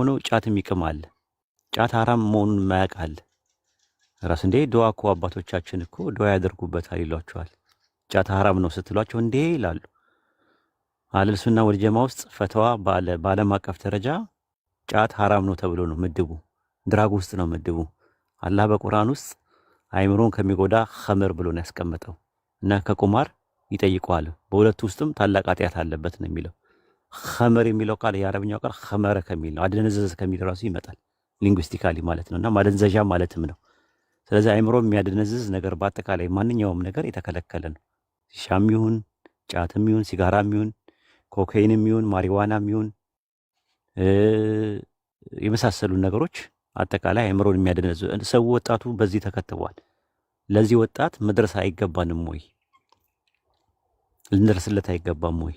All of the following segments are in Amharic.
ሆኖ ጫት የሚቅም አለ። ጫት አራም መሆኑን ማያቃል አለ። ራሱ እንዴ ድዋ እኮ አባቶቻችን እኮ ድዋ ያደርጉበታል ይሏቸዋል። ጫት ሀራም ነው ስትሏቸው እንዴ ይላሉ። አልልሱና ወልጀማ ውስጥ ፈተዋ በዓለም አቀፍ ደረጃ ጫት ሀራም ነው ተብሎ ነው ምድቡ። ድራግ ውስጥ ነው ምድቡ። አላህ በቁርአን ውስጥ አይምሮን ከሚጎዳ ኸምር ብሎ ነው ያስቀመጠው እና ከቁማር ይጠይቀዋል። በሁለቱ ውስጥም ታላቅ ኃጢአት አለበት ነው የሚለው። ኸመር የሚለው ቃል የአረብኛው ቃል ኸመረ ከሚል ነው። አደነዘዘ ከሚል ራሱ ይመጣል ሊንጉስቲካሊ ማለት ነው። እና ማደንዘዣ ማለትም ነው። ስለዚህ አይምሮ የሚያደነዝዝ ነገር በአጠቃላይ ማንኛውም ነገር የተከለከለ ነው። ሻም ይሁን ጫትም ይሁን ሲጋራም ይሁን ኮካይንም ይሁን ማሪዋናም ይሁን የመሳሰሉ ነገሮች አጠቃላይ አይምሮን የሚያደነዝ ሰው ወጣቱ በዚህ ተከትቧል። ለዚህ ወጣት መድረስ አይገባንም ወይ? ልንደርስለት አይገባም ወይ?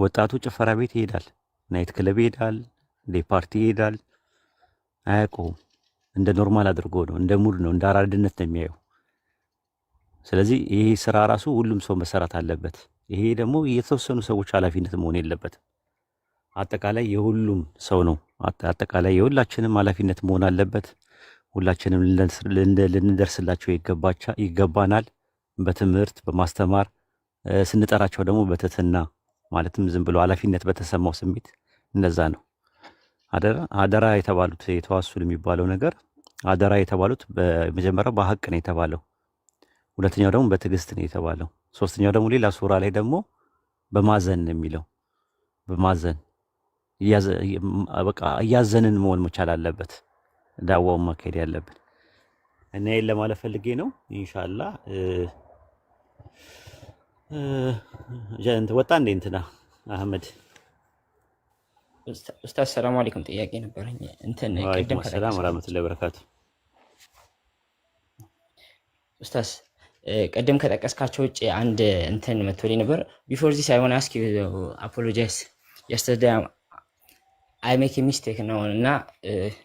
ወጣቱ ጭፈራ ቤት ይሄዳል፣ ናይት ክለብ ይሄዳል፣ ዴ ፓርቲ ይሄዳል። አያውቀውም። እንደ ኖርማል አድርጎ ነው፣ እንደ ሙድ ነው፣ እንደ አራድነት ነው የሚያየው። ስለዚህ ይሄ ስራ ራሱ ሁሉም ሰው መሰራት አለበት። ይሄ ደግሞ የተወሰኑ ሰዎች ኃላፊነት መሆን የለበትም። አጠቃላይ የሁሉም ሰው ነው። አጠቃላይ የሁላችንም ኃላፊነት መሆን አለበት። ሁላችንም ልንደርስላቸው ይገባናል። በትምህርት በማስተማር ስንጠራቸው ደግሞ በትህትና ማለትም ዝም ብሎ ኃላፊነት በተሰማው ስሜት እንደዛ ነው። አደራ የተባሉት የተዋሱል የሚባለው ነገር አደራ የተባሉት በመጀመሪያው በሀቅ ነው የተባለው። ሁለተኛው ደግሞ በትዕግስት ነው የተባለው። ሶስተኛው ደግሞ ሌላ ሱራ ላይ ደግሞ በማዘን ነው የሚለው። በማዘን በቃ እያዘንን መሆን መቻል አለበት። ዳዋውን ማካሄድ ያለብን እና ይህን ለማለት ፈልጌ ነው። ኢንሻአላህ ወጣ እንዴ እንትና አህመድ ኡስታዝ ሰላም አለይኩም። ጥያቄ ነበረኝ። እንትን ቅድም ሰላም ወራህመቱላሂ ወበረካቱ። ኡስታዝ ቅድም ከጠቀስካቸው ውጭ አንድ እንትን መቶልኝ ነበር። ቢፎር ዚስ አይ ዋን አስክ ዩ አፖሎጃይዝ የስተርዴይ አይ ሜክ ሚስቴክ ነው እና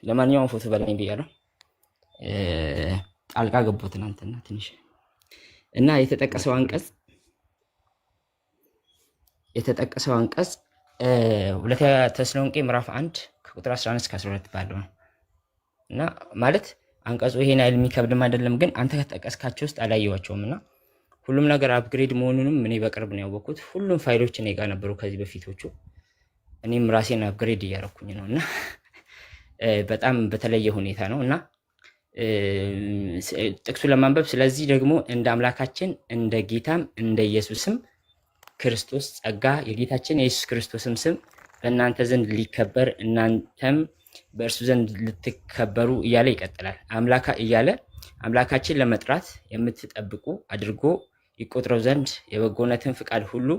ለማንኛውም ፎቶ በላኝ ብያለሁ። ጣልቃ ገቦት ትናንትና ትንሽ እና የተጠቀሰው አንቀጽ የተጠቀሰው አንቀጽ ሁለተኛ ተሰሎንቄ ምዕራፍ አንድ ከቁጥር 11 እስከ 12 ባለው ነው እና ማለት አንቀጹ ይሄን ያህል የሚከብድም አይደለም፣ ግን አንተ ከተጠቀስካቸው ውስጥ አላየዋቸውም እና ሁሉም ነገር አፕግሬድ መሆኑንም እኔ በቅርብ ነው ያወቅኩት። ሁሉም ፋይሎች እኔ ጋር ነበሩ ከዚህ በፊቶቹ። እኔም ራሴን አፕግሬድ እያረኩኝ ነው እና በጣም በተለየ ሁኔታ ነው እና ጥቅሱ ለማንበብ ስለዚህ ደግሞ እንደ አምላካችን እንደ ጌታም እንደ ኢየሱስም ክርስቶስ ጸጋ የጌታችን የኢየሱስ ክርስቶስም ስም በእናንተ ዘንድ ሊከበር እናንተም በእርሱ ዘንድ ልትከበሩ እያለ ይቀጥላል። አምላካ እያለ አምላካችን ለመጥራት የምትጠብቁ አድርጎ ይቆጥረው ዘንድ የበጎነትን ፍቃድ ሁሉ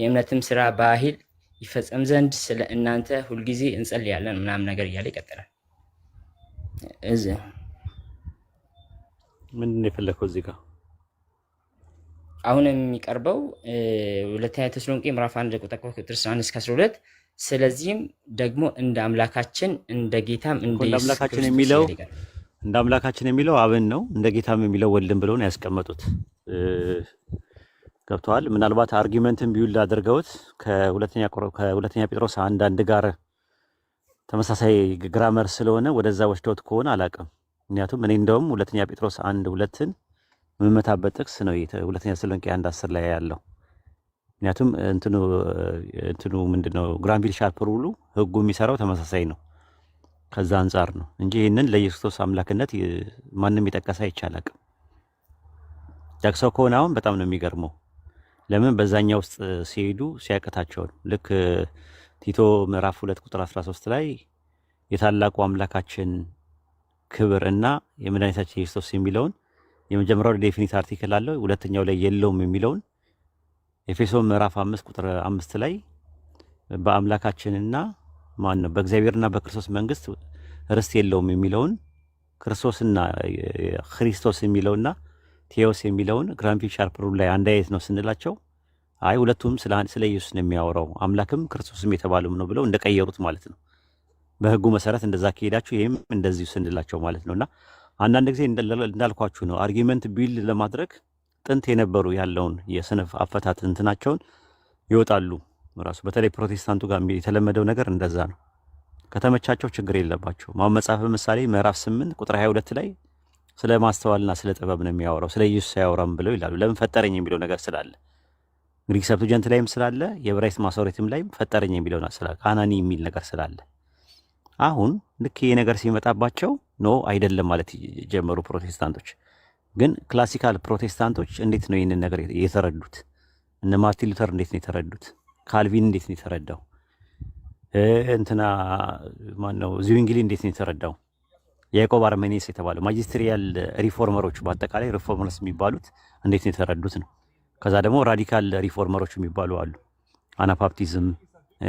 የእምነትም ስራ ባህል ይፈጸም ዘንድ ስለ እናንተ ሁልጊዜ እንጸልያለን ምናምን ነገር እያለ ይቀጥላል። ምንድን የፈለግከው እዚህ ጋር? አሁን የሚቀርበው ሁለተኛ ተሰሎንቄ ምዕራፍ 1 ቁጥር ቁጥር 11 እስከ 12 ስለዚህም ደግሞ እንደ አምላካችን እንደ ጌታም እንደ አምላካችን የሚለው እንደ አምላካችን የሚለው አብን ነው። እንደ ጌታም የሚለው ወልድን ብለው ነው ያስቀመጡት። ገብተዋል። ምናልባት አርጊመንትን ቢውልድ አድርገውት ከሁለተኛ ጴጥሮስ አንዳንድ ጋር ተመሳሳይ ግራመር ስለሆነ ወደዛ ወስደውት ከሆነ አላቅም ምክንያቱም እኔ እንደውም ሁለተኛ ጴጥሮስ አንድ ሁለትን የምመታበት ጥቅስ ነው ሁለተኛ ተሰሎንቄ አንድ አስር ላይ ያለው። ምክንያቱም እንትኑ እንትኑ ምንድነው ግራንቪል ሻርፐር ሁሉ ህጉ የሚሰራው ተመሳሳይ ነው። ከዛ አንጻር ነው እንጂ ይህንን ለኢየሱስ ክርስቶስ አምላክነት ማንም የጠቀሰ አይቻላቅም። ጠቅሰው ከሆነ አሁን በጣም ነው የሚገርመው። ለምን በዛኛ ውስጥ ሲሄዱ ሲያቀታቸውን ልክ ቲቶ ምዕራፍ ሁለት ቁጥር 13 ላይ የታላቁ አምላካችን ክብር እና የመድኃኒታችን ክርስቶስ የሚለውን የመጀመሪያው ዴፊኒት አርቲክል አለው፣ ሁለተኛው ላይ የለውም የሚለውን ኤፌሶን ምዕራፍ አምስት ቁጥር አምስት ላይ በአምላካችንና ማን ነው በእግዚአብሔርና በክርስቶስ መንግስት ርስት የለውም የሚለውን ክርስቶስና ክሪስቶስ የሚለውና ቴዎስ የሚለውን ግራንፊ ሻርፕሩ ላይ አንድ አይነት ነው ስንላቸው አይ ሁለቱም ስለ ኢየሱስ ነው የሚያወራው አምላክም ክርስቶስም የተባሉም ነው ብለው እንደቀየሩት ማለት ነው። በህጉ መሰረት እንደዛ ከሄዳችሁ ይህም እንደዚሁ ስንላቸው ማለት ነውና አንዳንድ ጊዜ እንዳልኳችሁ ነው አርጊመንት ቢልድ ለማድረግ ጥንት የነበሩ ያለውን የስነፍ አፈታት እንትናቸውን ይወጣሉ። ራሱ በተለይ ፕሮቴስታንቱ ጋር የተለመደው ነገር እንደዛ ነው። ከተመቻቸው ችግር የለባቸው። ማሁን መጽሐፍ ምሳሌ ምዕራፍ ስምንት ቁጥር ሁለት ላይ ስለ ማስተዋልና ስለ ጥበብ ነው የሚያወራው፣ ስለ ኢየሱስ አያወራም ብለው ይላሉ። ለምን ፈጠረኝ የሚለው ነገር ስላለ ግሪክ ሰብቱጀንት ላይም ስላለ የዕብራይስጥ ማሶሬትም ላይም ፈጠረኝ የሚለው ስላለ አናኒ የሚል ነገር ስላለ አሁን ልክ ይሄ ነገር ሲመጣባቸው ኖ አይደለም ማለት ጀመሩ። ፕሮቴስታንቶች ግን ክላሲካል ፕሮቴስታንቶች እንዴት ነው ይህንን ነገር የተረዱት? እነ ማርቲን ሉተር እንዴት ነው የተረዱት? ካልቪን እንዴት ነው የተረዳው? እንትና ነው ዚዊንግሊ እንዴት ነው የተረዳው? ያዕቆብ አርሜኒስ የተባለው ማጅስትሪያል ሪፎርመሮች በአጠቃላይ ሪፎርመርስ የሚባሉት እንዴት ነው የተረዱት ነው። ከዛ ደግሞ ራዲካል ሪፎርመሮች የሚባሉ አሉ። አናፓፕቲዝም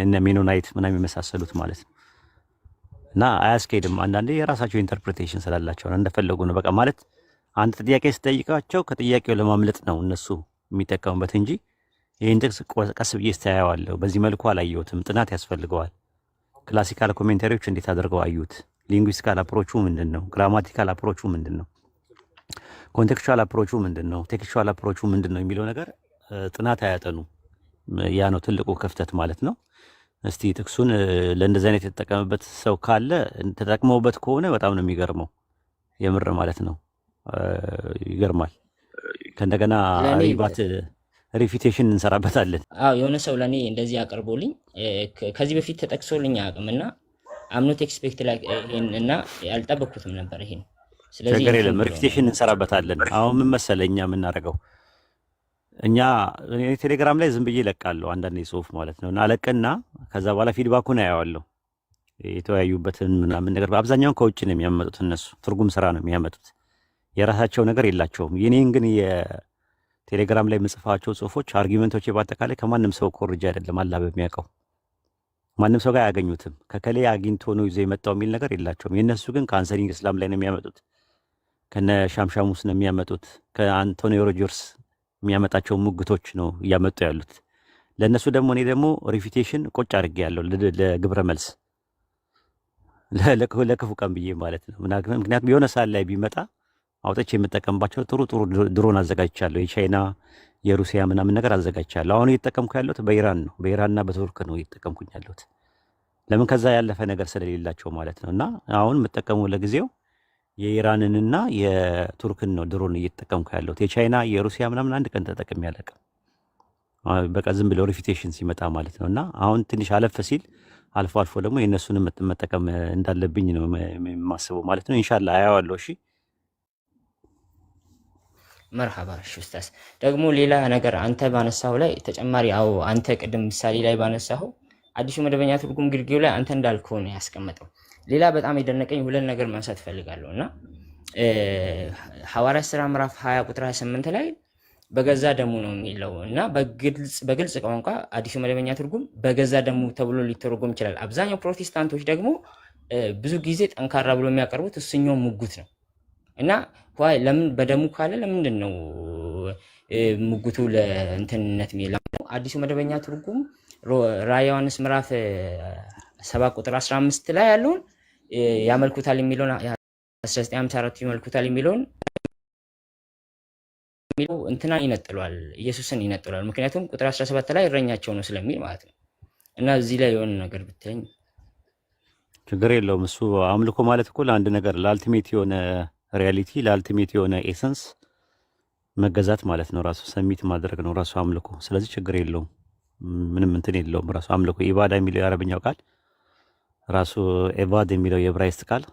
እነ ሜኖናይት ምናም የመሳሰሉት ማለት ነው። እና አያስኬድም። አንዳንዴ የራሳቸው ኢንተርፕሬቴሽን ስላላቸው ነው እንደፈለጉ ነው። በቃ ማለት አንድ ጥያቄ ስጠይቃቸው ከጥያቄው ለማምለጥ ነው እነሱ የሚጠቀሙበት እንጂ ይህን ጥቅስ ቀስ ብዬ ስተያየዋለሁ፣ በዚህ መልኩ አላየሁትም፣ ጥናት ያስፈልገዋል። ክላሲካል ኮሜንታሪዎች እንዴት አድርገው አዩት? ሊንግዊስቲካል አፕሮቹ ምንድን ነው? ግራማቲካል አፕሮቹ ምንድን ነው? ኮንቴክቹዋል አፕሮቹ ምንድን ነው? ቴክቹዋል አፕሮቹ ምንድን ነው የሚለው ነገር ጥናት አያጠኑ። ያ ነው ትልቁ ክፍተት ማለት ነው። እስቲ ጥቅሱን ለእንደዚህ አይነት የተጠቀመበት ሰው ካለ ተጠቅመውበት ከሆነ በጣም ነው የሚገርመው። የምር ማለት ነው ይገርማል። ከእንደገና ሪባት ሪፊቴሽን እንሰራበታለን። አዎ የሆነ ሰው ለእኔ እንደዚህ አቅርቦልኝ ከዚህ በፊት ተጠቅሶልኝ አቅም እና አምኖት ኤክስፔክት ይሄን እና አልጠበኩትም ነበር ይሄን። ስለዚህ ችግር የለም ሪፊቴሽን እንሰራበታለን። አሁን ምን መሰለህ እኛ የምናደርገው እኛ እኔ ቴሌግራም ላይ ዝም ብዬ እለቃለሁ አንዳንዴ ጽሁፍ ማለት ነው እና ለቅና ከዛ በኋላ ፊድባኩን አየዋለሁ የተወያዩበትን ምናምን ነገር በአብዛኛውን ከውጭ ነው የሚያመጡት። እነሱ ትርጉም ስራ ነው የሚያመጡት። የራሳቸው ነገር የላቸውም። የኔን ግን የቴሌግራም ላይ የምጽፋቸው ጽሁፎች፣ አርጊመንቶች በአጠቃላይ ከማንም ሰው ኮርጃ አይደለም። አላ በሚያውቀው ማንም ሰው ጋር አያገኙትም። ከከሌ አግኝቶ ነው ይዞ የመጣው የሚል ነገር የላቸውም። የእነሱ ግን ከአንሰሪንግ እስላም ላይ ነው የሚያመጡት። ከነ ሻምሻሙስ ነው የሚያመጡት። ከአንቶኒዮ ሮጀርስ የሚያመጣቸው ሙግቶች ነው እያመጡ ያሉት። ለእነሱ ደግሞ እኔ ደግሞ ሪፊቴሽን ቁጭ አድርጌ ያለው ለግብረ መልስ ለክፉ ቀን ብዬ ማለት ነው። ምክንያቱም የሆነ ሰዓት ላይ ቢመጣ አውጥቼ የምጠቀምባቸው ጥሩ ጥሩ ድሮን አዘጋጅቻለሁ። የቻይና የሩሲያ ምናምን ነገር አዘጋጅቻለሁ። አሁን እየተጠቀምኩ ያለሁት በኢራን ነው፣ በኢራንና በቱርክ ነው እየጠቀምኩኝ ያለሁት። ለምን ከዛ ያለፈ ነገር ስለሌላቸው ማለት ነው። እና አሁን የምጠቀሙ ለጊዜው የኢራንንና የቱርክን ነው ድሮን እየተጠቀምኩ ያለሁት። የቻይና የሩሲያ ምናምን አንድ ቀን ተጠቅም ያለቀ በቃ ዝም ብለው ሪፊቴሽን ሲመጣ ማለት ነው። እና አሁን ትንሽ አለፈ ሲል አልፎ አልፎ ደግሞ የእነሱን መጠቀም እንዳለብኝ ነው የማስበው ማለት ነው። እንሻላ አያዋለሁ። እሺ መርሃባ። ሽስታስ ደግሞ ሌላ ነገር አንተ ባነሳሁ ላይ ተጨማሪ አዎ፣ አንተ ቅድም ምሳሌ ላይ ባነሳው አዲሱ መደበኛ ትርጉም ግርጌው ላይ አንተ እንዳልከው ነው ያስቀመጠው ሌላ በጣም የደነቀኝ ሁለት ነገር ማንሳት እፈልጋለሁ እና ሐዋርያ ስራ ምዕራፍ 20 ቁጥር 28 ላይ በገዛ ደሙ ነው የሚለው እና በግልጽ ቋንቋ አዲሱ መደበኛ ትርጉም በገዛ ደሙ ተብሎ ሊተረጎም ይችላል። አብዛኛው ፕሮቴስታንቶች ደግሞ ብዙ ጊዜ ጠንካራ ብሎ የሚያቀርቡት እሱኛው ሙጉት ነው እና ለምን በደሙ ካለ ለምንድን ነው ሙጉቱ ለእንትንነት አዲሱ መደበኛ ትርጉም ራዕየ ዮሐንስ ምዕራፍ 7 ቁጥር 15 ላይ ያለውን ያመልኩታል የሚለውን 1954 ይመልኩታል የሚለውን እንትና ይነጥሏል፣ ኢየሱስን ይነጥሏል። ምክንያቱም ቁጥር 17 ላይ እረኛቸው ነው ስለሚል ማለት ነው። እና እዚህ ላይ የሆነ ነገር ብትለኝ ችግር የለውም። እሱ አምልኮ ማለት እኮ ለአንድ ነገር ለአልቲሜት የሆነ ሪያሊቲ ለአልቲሜት የሆነ ኤሰንስ መገዛት ማለት ነው። ራሱ ሰሚት ማድረግ ነው ራሱ አምልኮ። ስለዚህ ችግር የለውም፣ ምንም እንትን የለውም። ራሱ አምልኮ ኢባዳ የሚለው የአረብኛው ቃል ራሱ ኤቫድ የሚለው የዕብራይስጥ ቃል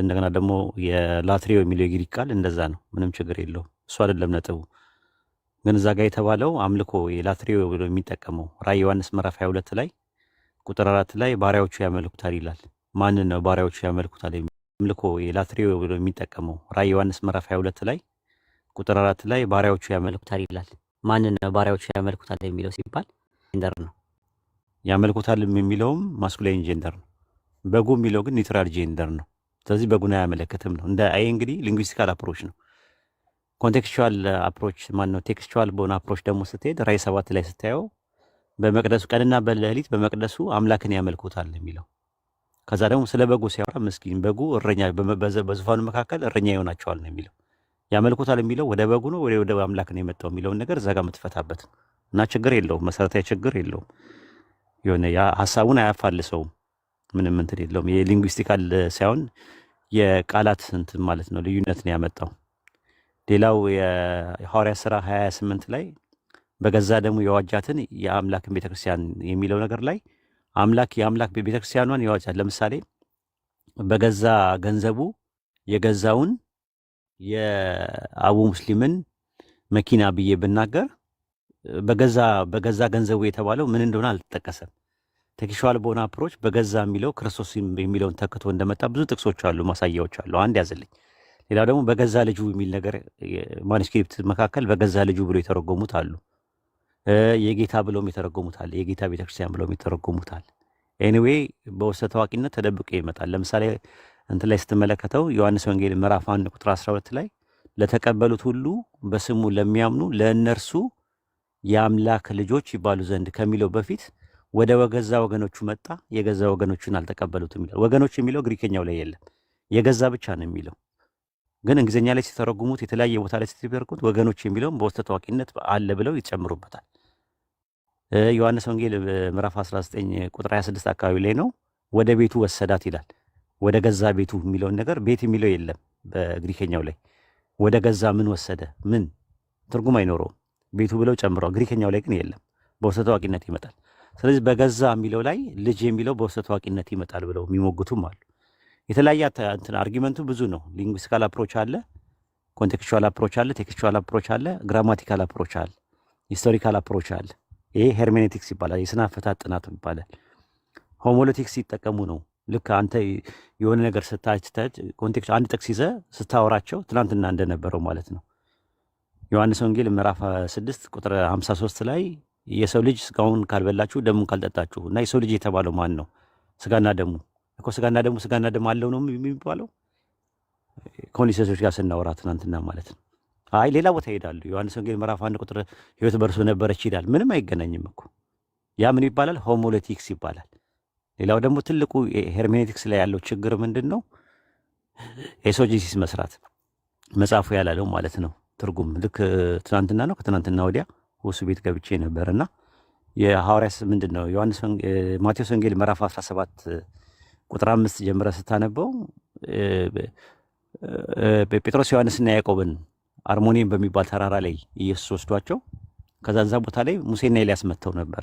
እንደገና ደግሞ የላትሪዮ የሚለው የግሪክ ቃል እንደዛ ነው። ምንም ችግር የለው እሱ አይደለም ነጥቡ። ግን እዛ ጋር የተባለው አምልኮ የላትሪዮ ብሎ የሚጠቀመው ራዕይ ዮሐንስ ምዕራፍ 22 ላይ ቁጥር አራት ላይ ባሪያዎቹ ያመልኩታል ይላል። ማንን ነው ባሪያዎቹ ያመልኩታል? አምልኮ የላትሪዮ ብሎ የሚጠቀመው ራዕይ ዮሐንስ ምዕራፍ 22 ላይ ቁጥር አራት ላይ ባሪያዎቹ ያመልኩታል ይላል። ማንን ነው ባሪያዎቹ ያመልኩታል የሚለው ሲባል ጀንደር ነው። ያመልኩታል የሚለውም ማስኩላይን ጀንደር ነው። በጉ የሚለው ግን ኒውትራል ጄንደር ነው። ስለዚህ በጉን አያመለክትም ነው። እንደ አይ እንግዲህ ሊንግዊስቲካል አፕሮች ነው። ኮንቴክስቹዋል አፕሮች ማነው? ቴክስቹዋል በሆነ አፕሮች ደግሞ ስትሄድ ራይ ሰባት ላይ ስታየው በመቅደሱ ቀንና በሌሊት በመቅደሱ አምላክን ያመልኩታል የሚለው ከዛ ደግሞ ስለ በጉ ሲያወራ ምስኪን በጉ እረኛ በዙፋኑ መካከል እረኛ ይሆናቸዋል ነው የሚለው። ያመልኩታል የሚለው ወደ በጉ ነው ወደ አምላክ ነው የመጣው የሚለውን ነገር እዛ ጋር የምትፈታበት እና ችግር የለውም መሰረታዊ ችግር የለውም። የሆነ ሀሳቡን አያፋልሰውም። ምንም እንትን የለውም። የሊንጉስቲካል ሳይሆን የቃላት እንትን ማለት ነው ልዩነት ነው ያመጣው። ሌላው የሐዋርያ ስራ 28 ላይ በገዛ ደግሞ የዋጃትን የአምላክን ቤተክርስቲያን የሚለው ነገር ላይ አምላክ የአምላክ ቤተክርስቲያኗን የዋጃት ለምሳሌ በገዛ ገንዘቡ የገዛውን የአቡ ሙስሊምን መኪና ብዬ ብናገር በገዛ በገዛ ገንዘቡ የተባለው ምን እንደሆነ አልተጠቀሰም። ተኪሸዋል በሆነ አፕሮች በገዛ የሚለው ክርስቶስ የሚለውን ተክቶ እንደመጣ ብዙ ጥቅሶች አሉ፣ ማሳያዎች አሉ። አንድ ያዘልኝ። ሌላው ደግሞ በገዛ ልጁ የሚል ነገር ማኒስክሪፕት መካከል በገዛ ልጁ ብሎ የተረጎሙት አሉ። የጌታ ብለውም የተረጎሙታል። የጌታ ቤተክርስቲያን ብለውም የተረጎሙታል። ኤኒዌይ በውስጠ ታዋቂነት ተደብቆ ይመጣል። ለምሳሌ እንትን ላይ ስትመለከተው ዮሐንስ ወንጌል ምዕራፍ አንድ ቁጥር 12 ላይ ለተቀበሉት ሁሉ በስሙ ለሚያምኑ ለእነርሱ የአምላክ ልጆች ይባሉ ዘንድ ከሚለው በፊት ወደ ወገዛ ወገኖቹ መጣ፣ የገዛ ወገኖቹን አልተቀበሉትም ይላል። ወገኖች የሚለው ግሪከኛው ላይ የለም፣ የገዛ ብቻ ነው የሚለው። ግን እንግሊዝኛ ላይ ሲተረጉሙት፣ የተለያየ ቦታ ላይ ሲተረጉሙት ወገኖች የሚለውም በውስተ ታዋቂነት አለ ብለው ይጨምሩበታል። ዮሐንስ ወንጌል ምዕራፍ 19 ቁጥር 26 አካባቢ ላይ ነው ወደ ቤቱ ወሰዳት ይላል። ወደ ገዛ ቤቱ የሚለውን ነገር ቤት የሚለው የለም በግሪከኛው ላይ ወደ ገዛ ምን ወሰደ ምን ትርጉም አይኖረውም። ቤቱ ብለው ጨምረዋል። ግሪከኛው ላይ ግን የለም፣ በውስተ ታዋቂነት ይመጣል። ስለዚህ በገዛ የሚለው ላይ ልጅ የሚለው በውስጠ ታዋቂነት ይመጣል ብለው የሚሞግቱም አሉ። የተለያየ እንትን አርጊመንቱ ብዙ ነው። ሊንግዊስቲካል አፕሮች አለ፣ ኮንቴክስቹዋል አፕሮች አለ፣ ቴክስቹዋል አፕሮች አለ፣ ግራማቲካል አፕሮች አለ፣ ሂስቶሪካል አፕሮች አለ። ይሄ ሄርሜኔቲክስ ይባላል። የስነ አፈታት ጥናት ይባላል። ሆሞሎቲክስ ሲጠቀሙ ነው። ልክ አንተ የሆነ ነገር ስታችታች ኮንቴክስት አንድ ጥቅስ ይዘ ስታወራቸው ትናንትና እንደነበረው ማለት ነው። ዮሐንስ ወንጌል ምዕራፍ 6 ቁጥር 53 ላይ የሰው ልጅ ስጋውን ካልበላችሁ ደሙን ካልጠጣችሁ እና የሰው ልጅ የተባለው ማን ነው? ስጋና ደሙ እኮ ስጋና ደሙ ስጋና ደሙ አለው ነው የሚባለው። ኮኒሴሶች ጋር ስናወራ ትናንትና ማለት ነው። አይ ሌላ ቦታ ይሄዳሉ። ዮሐንስ ወንጌል ምዕራፍ አንድ ቁጥር ህይወት በእርሱ ነበረች ይላል። ምንም አይገናኝም እኮ ያ ምን ይባላል? ሆሞሌቲክስ ይባላል። ሌላው ደግሞ ትልቁ ሄርሜኔቲክስ ላይ ያለው ችግር ምንድን ነው? ኤሶጂሲስ መስራት መጽሐፉ ያላለው ማለት ነው። ትርጉም ልክ ትናንትና ነው ከትናንትና ወዲያ ውስ ቤት ገብቼ ነበር እና የሐዋርያስ ምንድን ነው ዮሐንስ ማቴዎስ ወንጌል ምዕራፍ 17 ቁጥር አምስት ጀምረ ስታነበው ጴጥሮስ ዮሐንስና ያዕቆብን አርሞኒየም በሚባል ተራራ ላይ ኢየሱስ ወስዷቸው ከዛ ቦታ ላይ ሙሴና ኤልያስ መጥተው ነበረ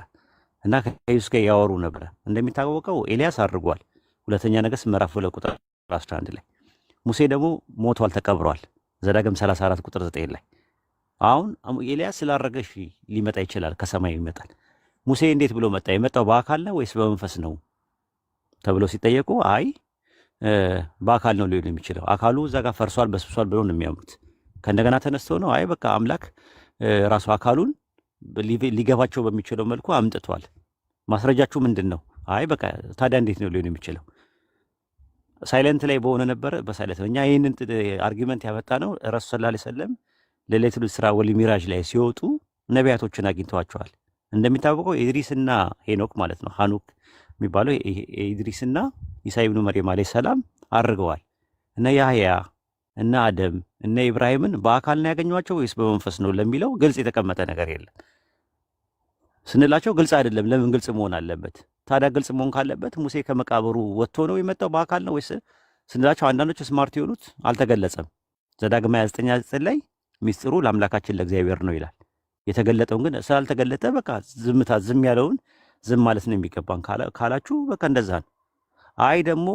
እና ከኢየሱስ ጋር ያወሩ ነበረ። እንደሚታወቀው ኤልያስ አድርጓል። ሁለተኛ ነገሥት ምዕራፍ ሁለት ቁጥር 11 ላይ ሙሴ ደግሞ ሞቷል፣ ተቀብሯል። ዘዳግም 34 ቁጥር 9 ላይ አሁን ኤልያስ ስላረገሽ ሊመጣ ይችላል፣ ከሰማይ ይመጣል። ሙሴ እንዴት ብሎ መጣ? የመጣው በአካል ነው ወይስ በመንፈስ ነው ተብሎ ሲጠየቁ አይ በአካል ነው ሊሆን የሚችለው አካሉ እዛ ጋር ፈርሷል፣ በስብሷል ብሎ ነው የሚያምኑት። ከእንደገና ተነስተው ነው አይ በቃ አምላክ ራሱ አካሉን ሊገባቸው በሚችለው መልኩ አምጥቷል። ማስረጃችሁ ምንድን ነው? አይ በቃ ታዲያ እንዴት ነው ሊሆን የሚችለው? ሳይለንት ላይ በሆነ ነበረ በሳይለንት እኛ ይህንን አርጊመንት ያመጣ ነው ረሱ ስላ ሰለም ለሌሊቱ ስራ ወል ሚራጅ ላይ ሲወጡ ነቢያቶችን አግኝተዋቸዋል። እንደሚታወቀው ኢድሪስና ሄኖክ ማለት ነው ሀኑክ የሚባለው ኢድሪስና ኢሳይ ብኑ መርየም አለይሂ ሰላም አድርገዋል። እነ ያህያ እነ አደም እነ ኢብራሂምን በአካል ነው ያገኟቸው ወይስ በመንፈስ ነው ለሚለው ግልጽ የተቀመጠ ነገር የለም ስንላቸው ግልጽ አይደለም። ለምን ግልጽ መሆን አለበት? ታዲያ ግልጽ መሆን ካለበት ሙሴ ከመቃብሩ ወጥቶ ነው የመጣው በአካል ነው ወይስ ስንላቸው አንዳንዶች ስማርት የሆኑት አልተገለጸም። ዘዳግም 29 ላይ ሚስጥሩ ለአምላካችን ለእግዚአብሔር ነው ይላል። የተገለጠውን ግን ስላልተገለጠ በቃ ዝምታ ዝም ያለውን ዝም ማለት ነው የሚገባን ካላችሁ በቃ እንደዛ ነው። አይ ደግሞ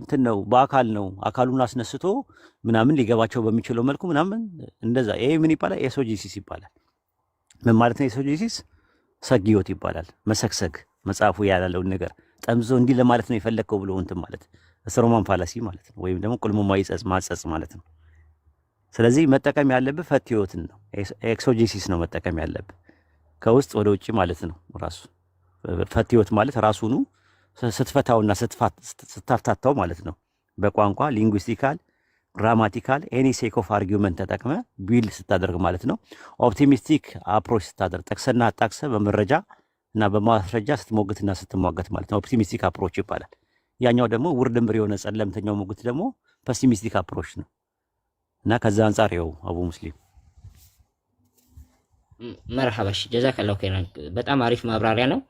እንትን ነው በአካል ነው አካሉን አስነስቶ ምናምን ሊገባቸው በሚችለው መልኩ ምናምን እንደዛ። ይሄ ምን ይባላል? ኤሶጂሲስ ይባላል። ምን ማለት ነው ኤሶጂሲስ? ሰግዮት ይባላል። መሰግሰግ መጽሐፉ ያላለውን ነገር ጠምዞ እንዲህ ለማለት ነው የፈለግከው ብሎ እንትን ማለት እስሮማን ፋላሲ ማለት ነው። ወይም ደግሞ ቁልሙማዊ ማጸጽ ማለት ነው። ስለዚህ መጠቀም ያለብህ ፈት ህይወትን ነው፣ ኤክሶጂሲስ ነው መጠቀም ያለብህ ከውስጥ ወደ ውጭ ማለት ነው። ራሱ ፈት ህይወት ማለት ራሱኑ ስትፈታውና ስታፍታታው ማለት ነው። በቋንቋ ሊንጉስቲካል፣ ግራማቲካል ኤኒ ሴክ ኦፍ አርጊመንት ተጠቅመ ቢል ስታደርግ ማለት ነው። ኦፕቲሚስቲክ አፕሮች ስታደርግ ጠቅሰና አጣቅሰ በመረጃ እና በማስረጃ ስትሞግትና ስትሟገት ማለት ነው። ኦፕቲሚስቲክ አፕሮች ይባላል። ያኛው ደግሞ ውርድምር የሆነ ጸለምተኛው ሞግት ደግሞ ፐሲሚስቲክ አፕሮች ነው። እና ከዛ አንጻር ይኸው አቡ ሙስሊም መርሐባሽ ጀዛከላሁ ኸይራን በጣም አሪፍ ማብራሪያ ነው።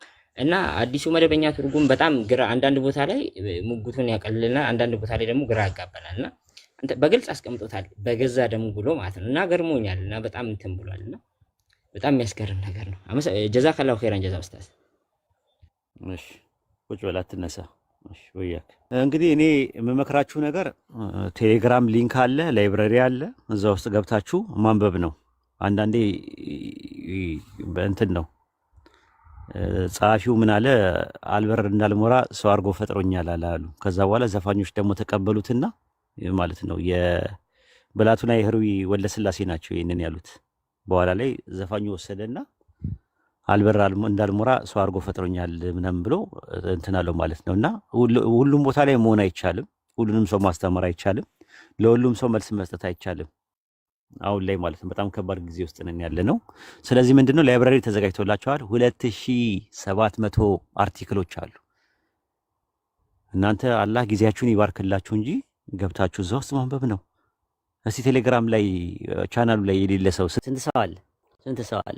እና አዲሱ መደበኛ ትርጉም በጣም ግራ አንዳንድ ቦታ ላይ ሙግቱን ያቀልልና አንዳንድ ቦታ ላይ ደግሞ ግራ ያጋባናል። እና በግልጽ አስቀምጦታል በገዛ ደሙ ብሎ ማለት ነው። እና ገርሞኛል እና በጣም እንትን ብሏል እና በጣም የሚያስገርም ነገር ነው። ጀዛከላሁ ኸይራን ጀዛ ኡስታዝ። እሺ ቁጭ በላ ትነሳ እንግዲህ እኔ የምመክራችሁ ነገር ቴሌግራም ሊንክ አለ፣ ላይብረሪ አለ። እዛ ውስጥ ገብታችሁ ማንበብ ነው። አንዳንዴ በእንትን ነው ጸሐፊው ምን አለ፣ አልበር እንዳልሞራ ሰው አድርጎ ፈጥሮኛል አላሉ። ከዛ በኋላ ዘፋኞች ደግሞ ተቀበሉትና ማለት ነው የብላቱና የህሩይ ወለስላሴ ናቸው ይህንን ያሉት። በኋላ ላይ ዘፋኙ ወሰደና አልበራ እንዳልሞራ ሰው አድርጎ ፈጥሮኛል ምናምን ብሎ እንትን አለው ማለት ነው። እና ሁሉም ቦታ ላይ መሆን አይቻልም። ሁሉንም ሰው ማስተማር አይቻልም። ለሁሉም ሰው መልስ መስጠት አይቻልም። አሁን ላይ ማለት ነው በጣም ከባድ ጊዜ ውስጥ ነን ያለ ነው። ስለዚህ ምንድን ነው ላይብራሪ ተዘጋጅቶላቸዋል። ሁለት ሺህ ሰባት መቶ አርቲክሎች አሉ። እናንተ አላህ ጊዜያችሁን ይባርክላችሁ እንጂ ገብታችሁ እዛ ውስጥ ማንበብ ነው። እስቲ ቴሌግራም ላይ ቻናሉ ላይ የሌለ ሰው ስንት ሰው አለ? ስንት ሰው አለ?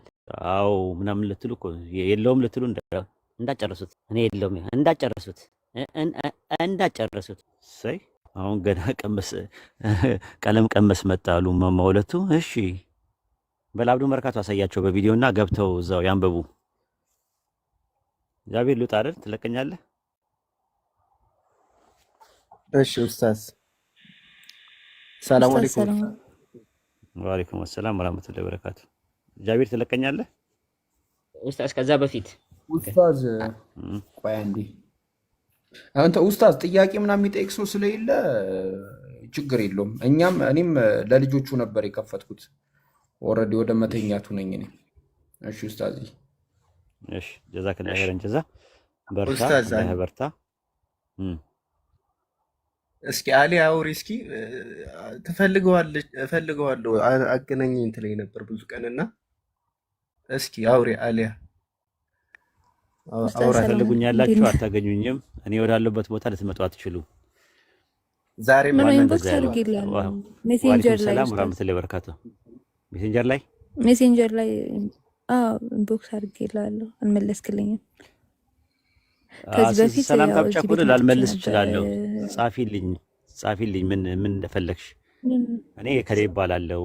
አዎ ምናምን ልትሉ እኮ የለውም ልትሉ እንዳጨረሱት እኔ የለውም እንዳጨረሱት እንዳጨረሱት ሰይ አሁን ገና ቀመስ ቀለም ቀመስ መጣሉ መማውለቱ እሺ በላብዱ መርካቱ አሳያቸው በቪዲዮ እና ገብተው እዛው ያንበቡ። እግዚአብሔር ልውጣ አይደል ትለቀኛለህ? እሺ ኡስታዝ ሰላም አለይኩም። ወአለይኩም ሰላም ወራህመቱላሂ ወበረካቱ እግዚአብሔር ትለቀኛለህ ኡስታዝ። ከዛ በፊት ኡስታዝ ቆይ አንዴ አንተ ኡስታዝ ጥያቄ ምናምን የሚጠይቅ ሰው ስለሌለ ችግር የለውም። እኛም እኔም ለልጆቹ ነበር የከፈትኩት። ኦልሬዲ ወደ መተኛቱ ነኝ እኔ። እሺ ኡስታዝ። እሺ ጀዛከላህ ኸይረን ጀዛ። በርታ በርታ። እስኪ አሊ አውሪ እስኪ። ትፈልገዋለህ እፈልገዋለሁ አገናኘኝ ላይ ነበር ብዙ ቀንና እስኪ አውሪ አሊያ አውራ። ፈልጉኝ ያላችሁ አታገኙኝም። እኔ ወዳለበት ቦታ ልትመጡ አትችሉ። ዛሬ ማለት ነው በረካቱ ሜሴንጀር ላይ ሜሴንጀር ላይ ኢንቦክስ አድርጌልሃለሁ፣ አልመለስክልኝም። ከዚህ ሰላም ካብቻ እኮ ላልመልስ እችላለሁ። ጻፊልኝ ጻፊልኝ ምን ምን እንደፈለግሽ። እኔ ከሌ እባላለሁ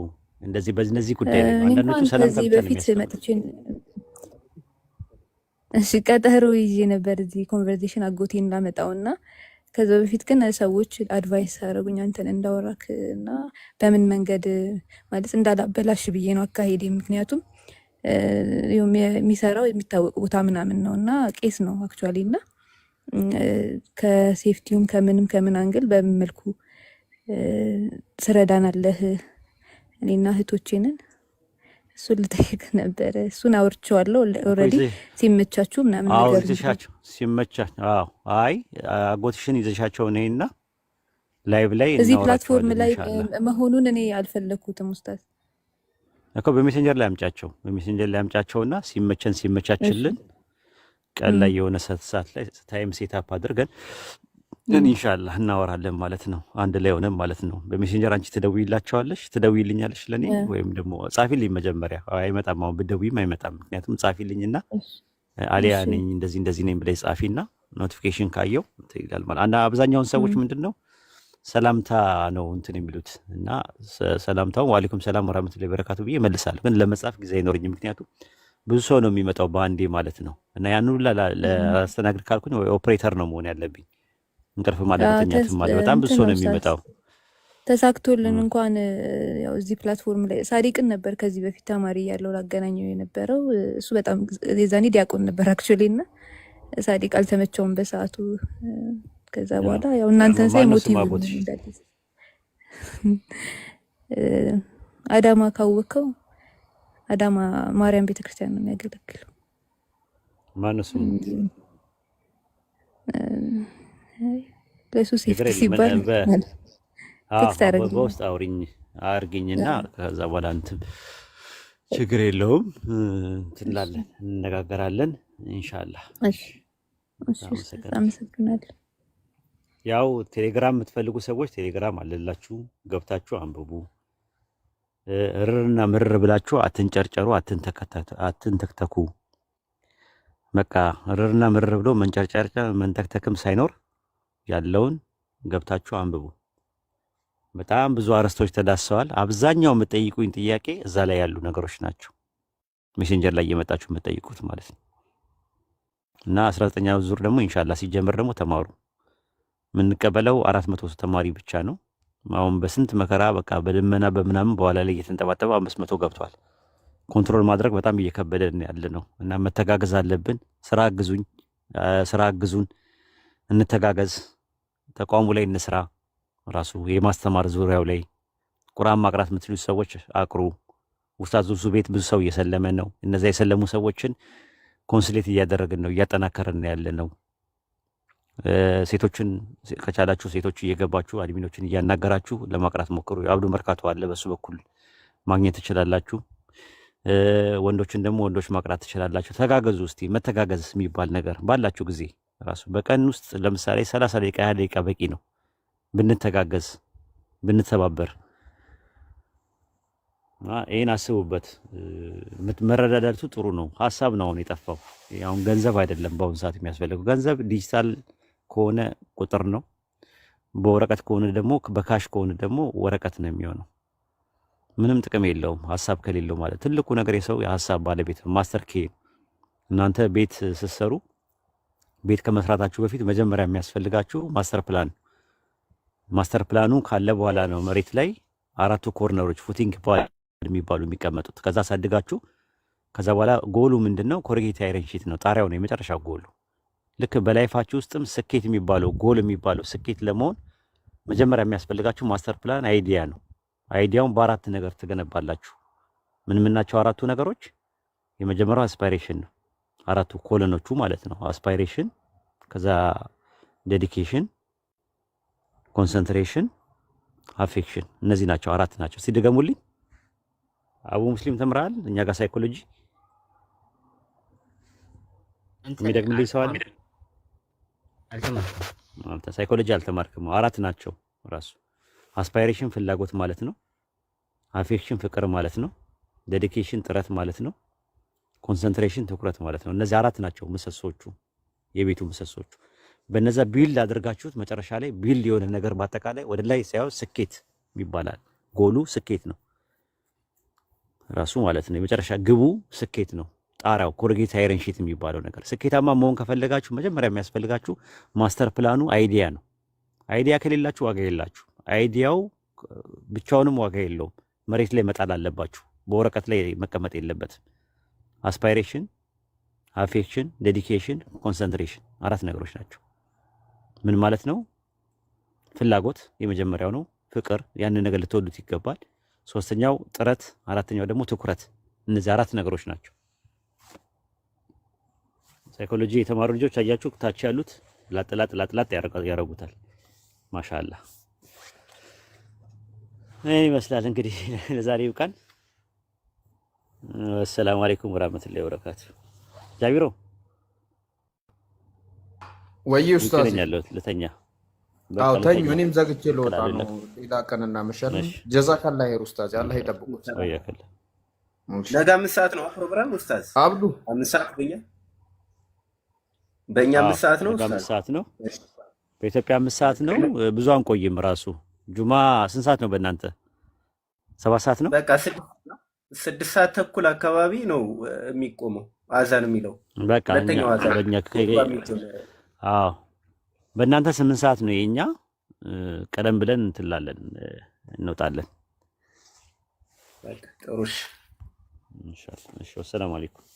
እንደዚህ በነዚህ ጉዳይ ላይ አንዳንዶቹ ሰላም ከዚህ በፊት መጥቼ እሺ ቀጠሮ ይዤ ነበር እዚህ ኮንቨርሴሽን አጎቴ አጎቴን እና ከዛ በፊት ግን ሰዎች አድቫይስ አረጉኝ አንተን እንዳወራክ እና በምን መንገድ ማለት እንዳላበላሽ ብዬ ነው አካሄድ። ምክንያቱም የሚሰራው የሚታወቅ ቦታ ምናምን ነው እና ቄስ ነው አክቹዋሊ እና ከሴፍቲውም ከምንም ከምን አንግል በምን መልኩ ስረዳናለህ እኔና እህቶቼንን እሱን ልጠይቅ ነበረ። እሱን አውርቼዋለሁ ኦልሬዲ። ሲመቻችሁ ምናምን ይዘሻቸው ሲመቻችሁ። አዎ፣ አይ አጎትሽን ይዘሻቸው ነይና ላይቭ ላይ እዚህ ፕላትፎርም ላይ መሆኑን እኔ አልፈለግኩትም ኡስታዝ እኮ በሜሴንጀር ላይ አምጫቸው፣ በሜሴንጀር ላይ አምጫቸውና ሲመቸን ሲመቻችልን ቀን ላይ የሆነ ሰዓት ላይ ታይም ሴት አፕ አድርገን ግን እንሻላ እናወራለን ማለት ነው። አንድ ላይ ሆነን ማለት ነው። በሜሴንጀር አንቺ ትደውይላቸዋለሽ፣ ትደውይልኛለሽ ለእኔ ወይም ደግሞ ጻፊልኝ። መጀመሪያ አይመጣም፣ አሁን ብደውይም አይመጣም። ምክንያቱም ጻፊልኝና አሊያ ነኝ እንደዚህ እንደዚህ ነኝ ብለሽ ጻፊና ኖቲፊኬሽን ካየው ይላል ማለት አብዛኛውን ሰዎች ምንድን ነው ሰላምታ ነው እንትን የሚሉት እና ሰላምታውን ዋሊኩም ሰላም ወራህመቱላሂ በረካቱ ብዬ እመልሳለሁ። ግን ለመጻፍ ጊዜ አይኖርኝም፣ ምክንያቱም ብዙ ሰው ነው የሚመጣው በአንዴ ማለት ነው። እና ያን ሁላ ካልኩኝ ኦፕሬተር ነው መሆን ያለብኝ እንቅልፍ ማለመተኛት ማለት በጣም ብሶ ነው የሚመጣው። ተሳክቶልን እንኳን ያው እዚህ ፕላትፎርም ላይ ሳዲቅን ነበር ከዚህ በፊት ተማሪ ያለው ላገናኘው የነበረው እሱ በጣም የዛኔ ዲያቆን ነበር አክቹዋሊ እና ሳዲቅ አልተመቸውም በሰዓቱ። ከዛ በኋላ ያው እናንተን ሳይ ሞቲቭ አዳማ ካወቀው አዳማ ማርያም ቤተክርስቲያን ነው የሚያገለግለው ማነሱ ለሱ ሴፍቲ ሲባል በውስጥ አውሪኝ አርግኝና ከዛ በኋላ እንትን ችግር የለውም ትላለን፣ እንነጋገራለን። እንሻላ አመሰግናለሁ። ያው ቴሌግራም የምትፈልጉ ሰዎች ቴሌግራም አለላችሁ፣ ገብታችሁ አንብቡ። እርርና ምርር ብላችሁ አትንጨርጨሩ፣ አትንተክተኩ። በቃ እርርና ምርር ብሎ መንጨርጨር መንተክተክም ሳይኖር ያለውን ገብታችሁ አንብቡ። በጣም ብዙ አርዕስቶች ተዳሰዋል። አብዛኛው የምጠይቁኝ ጥያቄ እዛ ላይ ያሉ ነገሮች ናቸው። ሜሴንጀር ላይ እየመጣችሁ የምጠይቁት ማለት ነው እና አስራ ዘጠኛ ዙር ደግሞ ኢንሻላ ሲጀምር ደግሞ ተማሩ የምንቀበለው አራት መቶ ተማሪ ብቻ ነው። አሁን በስንት መከራ በቃ በልመና በምናምን በኋላ ላይ እየተንጠባጠበ አምስት መቶ ገብቷል። ኮንትሮል ማድረግ በጣም እየከበደ ያለ ነው እና መተጋገዝ አለብን። ስራ አግዙኝ፣ ስራ አግዙን፣ እንተጋገዝ። ተቋሙ ላይ እንስራ። ራሱ የማስተማር ዙሪያው ላይ ቁርአን ማቅራት የምትችሉ ሰዎች አቅሩ። ውስጣት ዙዙ ቤት ብዙ ሰው እየሰለመ ነው። እነዛ የሰለሙ ሰዎችን ኮንስሌት እያደረግን ነው፣ እያጠናከርን ያለ ነው። ሴቶችን ከቻላችሁ ሴቶች እየገባችሁ አድሚኖችን እያናገራችሁ ለማቅራት ሞክሩ። አብዱ መርካቶ አለ፣ በሱ በኩል ማግኘት ትችላላችሁ። ወንዶችን ደግሞ ወንዶች ማቅራት ትችላላችሁ። ተጋገዙ። እስቲ መተጋገዝ የሚባል ነገር ባላችሁ ጊዜ ራሱ በቀን ውስጥ ለምሳሌ ሰላሳ ደቂቃ ያህል ደቂቃ በቂ ነው ብንተጋገዝ ብንተባበር ይህን አስቡበት። መረዳዳቱ ጥሩ ነው። ሀሳብ ነው አሁን የጠፋው። አሁን ገንዘብ አይደለም በአሁኑ ሰዓት የሚያስፈልገው። ገንዘብ ዲጂታል ከሆነ ቁጥር ነው። በወረቀት ከሆነ ደግሞ በካሽ ከሆነ ደግሞ ወረቀት ነው የሚሆነው። ምንም ጥቅም የለውም ሀሳብ ከሌለው ማለት። ትልቁ ነገር የሰው የሀሳብ ባለቤት ማስተር ኬ እናንተ ቤት ስትሰሩ ቤት ከመስራታችሁ በፊት መጀመሪያ የሚያስፈልጋችሁ ማስተር ፕላን። ማስተር ፕላኑ ካለ በኋላ ነው መሬት ላይ አራቱ ኮርነሮች ፉቲንግ ፓድ የሚባሉ የሚቀመጡት። ከዛ አሳድጋችሁ ከዛ በኋላ ጎሉ ምንድን ነው? ኮሪጌት አይረን ሺት ነው። ጣሪያው ነው የመጨረሻ ጎሉ። ልክ በላይፋችሁ ውስጥም ስኬት የሚባለው ጎል የሚባለው ስኬት ለመሆን መጀመሪያ የሚያስፈልጋችሁ ማስተር ፕላን አይዲያ ነው። አይዲያውን በአራት ነገር ትገነባላችሁ። ምን ምናቸው? አራቱ ነገሮች የመጀመሪያው አስፓይሬሽን ነው። አራቱ ኮለኖቹ ማለት ነው። አስፓይሬሽን፣ ከዛ ዴዲኬሽን፣ ኮንሰንትሬሽን፣ አፌክሽን እነዚህ ናቸው። አራት ናቸው። ሲደገሙልኝ አቡ ሙስሊም ተምረሃል እኛ ጋር ሳይኮሎጂ የሚደግምልኝ ሰው አለ? ሳይኮሎጂ አልተማርክም። አራት ናቸው ራሱ አስፓይሬሽን ፍላጎት ማለት ነው። አፌክሽን ፍቅር ማለት ነው። ዴዲኬሽን ጥረት ማለት ነው። ኮንሰንትሬሽን፣ ትኩረት ማለት ነው። እነዚህ አራት ናቸው ምሰሶቹ፣ የቤቱ ምሰሶቹ። በነዛ ቢልድ አድርጋችሁት መጨረሻ ላይ ቢልድ የሆነ ነገር በአጠቃላይ ወደ ላይ ሳይሆን ስኬት ይባላል። ጎሉ ስኬት ነው ራሱ ማለት ነው። የመጨረሻ ግቡ ስኬት ነው። ጣሪያው ኮርጌት አይረን ሺት የሚባለው ነገር። ስኬታማ መሆን ከፈለጋችሁ መጀመሪያ የሚያስፈልጋችሁ ማስተር ፕላኑ አይዲያ ነው። አይዲያ ከሌላችሁ ዋጋ የላችሁ። አይዲያው ብቻውንም ዋጋ የለውም። መሬት ላይ መጣል አለባችሁ። በወረቀት ላይ መቀመጥ የለበትም። አስፓይሬሽን፣ አፌክሽን፣ ዴዲኬሽን፣ ኮንሰንትሬሽን አራት ነገሮች ናቸው። ምን ማለት ነው? ፍላጎት የመጀመሪያው ነው። ፍቅር፣ ያንን ነገር ልትወዱት ይገባል። ሶስተኛው ጥረት፣ አራተኛው ደግሞ ትኩረት። እነዚህ አራት ነገሮች ናቸው። ሳይኮሎጂ የተማሩ ልጆች አያችሁ፣ ታች ያሉት ላጥላጥ ላጥላጥ ያደርጉታል። ማሻአላህ ይህን ይመስላል እንግዲህ ለዛሬ ይብቃን። አሰላሙ አለይኩም ወራህመቱላሂ ወበረካቱ። ጃቢሮ ወይ ኡስታዝ ልተኛ። አዎ ተኝ። እኔም ዘግቼ ልወጣ ነው። ሌላ ቀን እናመሻለን። ጀዛከላ ኸይር ኡስታዝ፣ አላህ ይጠብቁት። ነገ አምስት ሰዓት ነው ፕሮግራም ኡስታዝ አብዱ። አምስት ሰዓት በኛ በእኛ አምስት ሰዓት ነው ኡስታዝ፣ አምስት ሰዓት ነው በኢትዮጵያ አምስት ሰዓት ነው። ብዙ አንቆይም። ራሱ ጁማ ስንት ሰዓት ነው በእናንተ? ሰባት ሰዓት ነው በቃ ስድስት ሰዓት ተኩል አካባቢ ነው የሚቆመው አዛን የሚለው አዎ በእናንተ ስምንት ሰዓት ነው የኛ ቀደም ብለን እንትላለን እንውጣለን ጥሩሽ። ሰላም አለይኩም